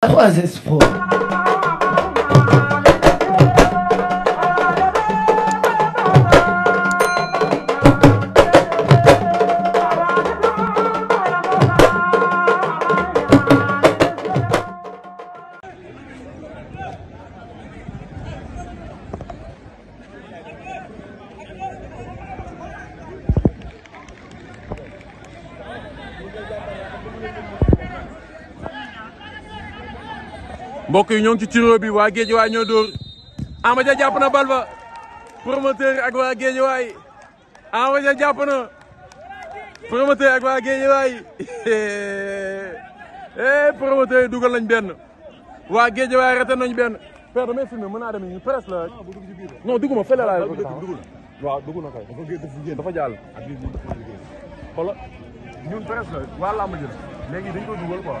Trois espoirs. mbokk yi ñoo ngi ci tiro bi waa Géejawaay ñoo dóor Ama Dia jàpp na bal ba promoteur ak waa Géejawaay waay Dia jàpp na promoteur ak waa Géejawaay eh promoteur yi dugal nañ benn waa Géejawaay rete nañ benn. père damay filmé mën naa dem ñu presse la non dugguma fële dafa jàll xoolal ñun presse la waa dañ ko dugal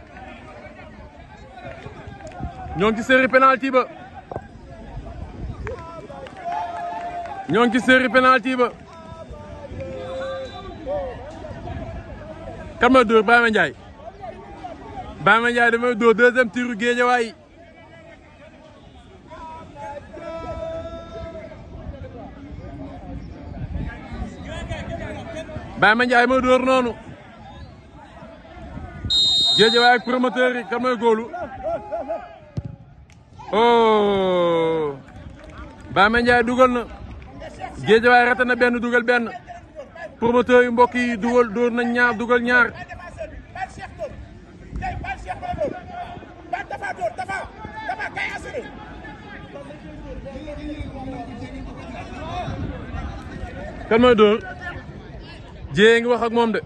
ñoo ngi ci série penalty ba ñoo ngi ci série penalty ba kan ma dóor Baye Mandiaye Baye Mandiaye damay dóor deuxième tiru Guédiawaye Baye Mandiaye ma dóor noonu Guédiawaye ak promoteur góolu oh Bamé Ndiaye dugal na Guédiawaye raté na benn dugal benn promoteur yu mbokk yi dugal dóor nañ ñaar dugal ñaar kan dóor jéey ngi wax ak moom de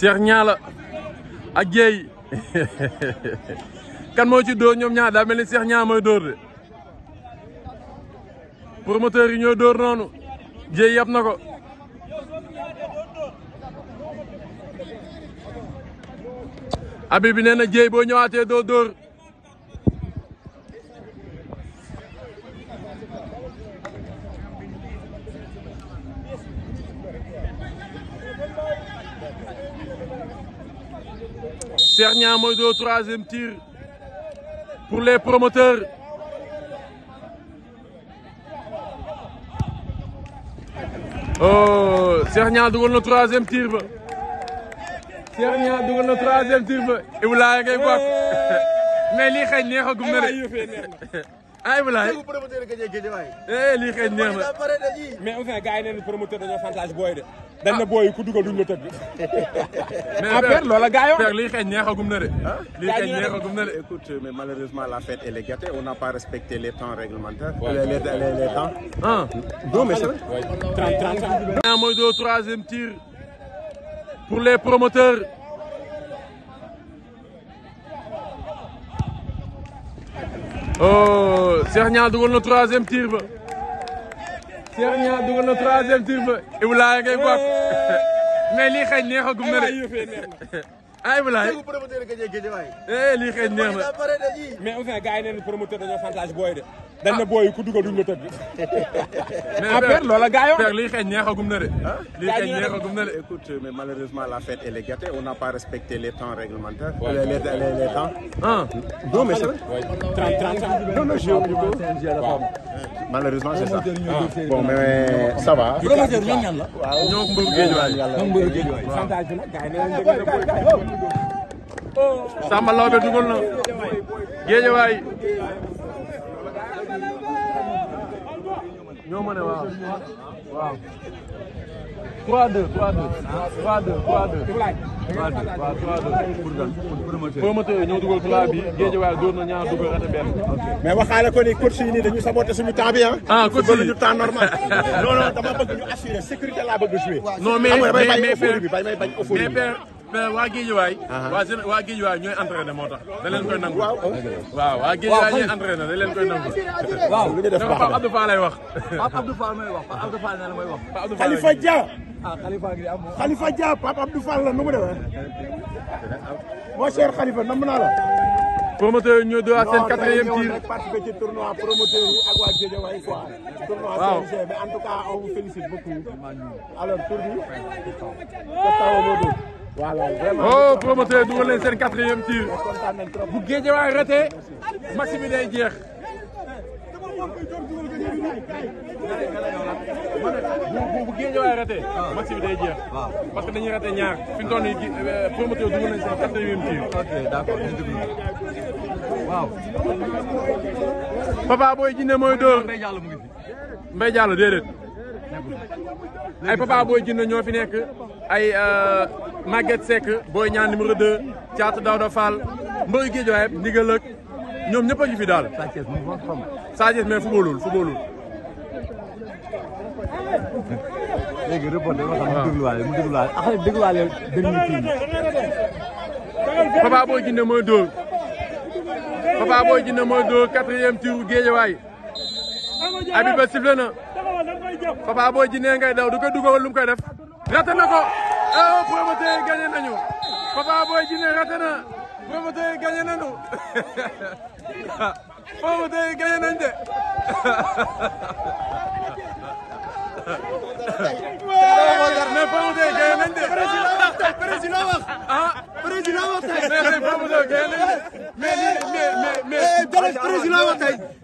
Cheikh Niala ak Dieye kan moo ci dóor ñoom ñaar daa mel ni Cheikh Niala mooy dóor de promoteur yi ñooy dóor noonu Dieye yab na ko abi bi nee na Dieye boo dóor Cheikh Niang mooy troisième tir pour les promoteurs oh Cheikh Niang dugal na troisième tir ba Cheikh Niang dugal na troisième tir ba Ibrahima ngay bokk ay bilaay tegu promoteur géej géej waay. Eh, lii xëy neex na mais enfin gars yi nee nañu promoteur dañoo chantage booy de. Ah. dañ na booy ku dugal duñ la tëgg. mais affaire ah, loola gars yoo xam lii xëy neexagum na de. Ah. lii xëy neexagum na de. écoute mais malheureusement la fête elle est gâtée on n'a pas respecté les temps réglementaires. les les les temps. ah non mais c'est vrai. 30 30 ans. mooy doo troisième tir pour les promoteurs. oh Cheikh Niang dugal na troisième tir ba Cheikh Niang dugal na troisième tir ba Ibrahima ngay bokk mais lii xëy neexagum na de ah Ibrahima eh, lii xëy neex na mais au fait gars yi ne promoteur dañoo chantage booy de. dañ ne booy ku dugal duñ la tëdd. mais père loola gaa yoo. père liy xeeñ neexagum na de. liy xeeñ neexagum na de. écoute mais malheureusement la fête elle est gâtée on n'a pas respecté a temps réglementaires. les les les temps. ah non mais c'est. 30 30 non non j'ai oublié ko. malheureusement c'est ça. bon mais ça va. promoteur ñoom ñan la. waaw ñoo mbëru géej waay. ñoo mbëru géej waay. santage bi nag gars yi nee nañ dëgg la Samba Laobé dugal na géej ñoo mën a waaw waaw. 3 2 3 2. 3 2 3 2. 3 2 waaw 3 2 pour gan pour promoteur. promoteur yi ñoo dugal club bi géej waaye dóor na ñaar dugal raté benn. mais waxaale ko ni coach yi nii dañu saboté suñu temps bi ah. ah coach yi ñu temps normal. non non dama bëgg ñu assurer sécurité laa bëgg jouer. non mais mais mais mais mais mais waa Guédiawaye. Uh-huh. waa seen waa Guédiawaye ñooy entraîné moo tax. da leen koy nangu waaw waaw waa Guédiawaye ñooy entraîné da leen koy nangu. waaw li Pape Abdou Fall lay wax. Pape Abdou Fall mooy wax Pape Abdou Fall nee na mooy wax. Pape Abdou Fall Khalifa Dia. ah Khalifa gi am Khalifa Dia Pape Abdou Fall la nu mu demee. mon cher Khalifa namm naa la. promoteur yi ñoo doon ak seen quatrième tir. rek participer ci tournoi promoteur yi ak waa Guédiawaye quoi. waaw tournoi mais en tout cas on vous félicite beaucoup. alors tour bi. voilà oh promoteur dugal leen seen quatrième tir bu géej waay raté match bi day jeex. bu bu géej waay raté match bi day jeex. parce que dañuy raté ñaar fi mu toll nii euh, dóor Mbaye Diallo ay Papa Boy Djiné ñoo fi nekk ay euh, Maguette Seck Boy Niang numéro 2 Thiatou Daouda Fall mbëru Guédiawaye ndigal ak ñoom ñëpp a ngi fi daal. Sa Thiès mais footballul footballul. léegi répondé ma xam mu dégluwaale mu dégluwaale après ah, dégluwaale dernier kii bi. Papa Boy Djiné mooy dóor Papa Boy Djiné mooy dóor quatrième tour Guédiawaye Habib ba sifflé na. Papa Boy Djiné ngay daw du ko dugal lu mu koy def raté na ko ah promoteur yi gagné nañu Papa Boy Djiné raté na promoteur yi gagné nañu promoteur yi gagné de. mais promoteur yi de. président wax ah de. Eh,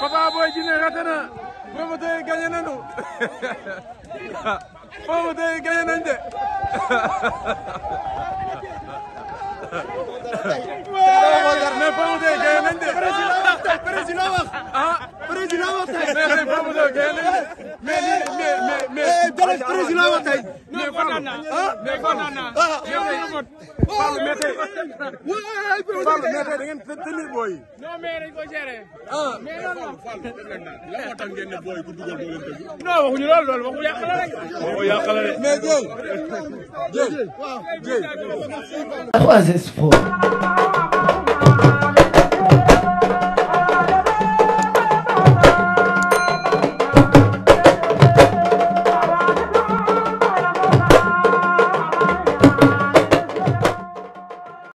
Papa Boy Djiné raté na promoteur yi gagné nañu promoteur yi gagné nañu de mais promoteur yi gagné nañu de président wax ah président wax tey mais promoteur yi gagné nañu de mais mais mais mais président wax tey mais kontaan naa mais kontaan naa Fall méttee. Fall méttee da ngeen tenir booy yi. non mais dañ ko gérer. ah mais loolu la. Fall lan moo tax ngeen ne booy bu dugal moo leen dëgg. non waxuñu loolu loolu waxu yàq la rek. waxu yàq la rek. mais Dieye. Dieye Dieye. 3S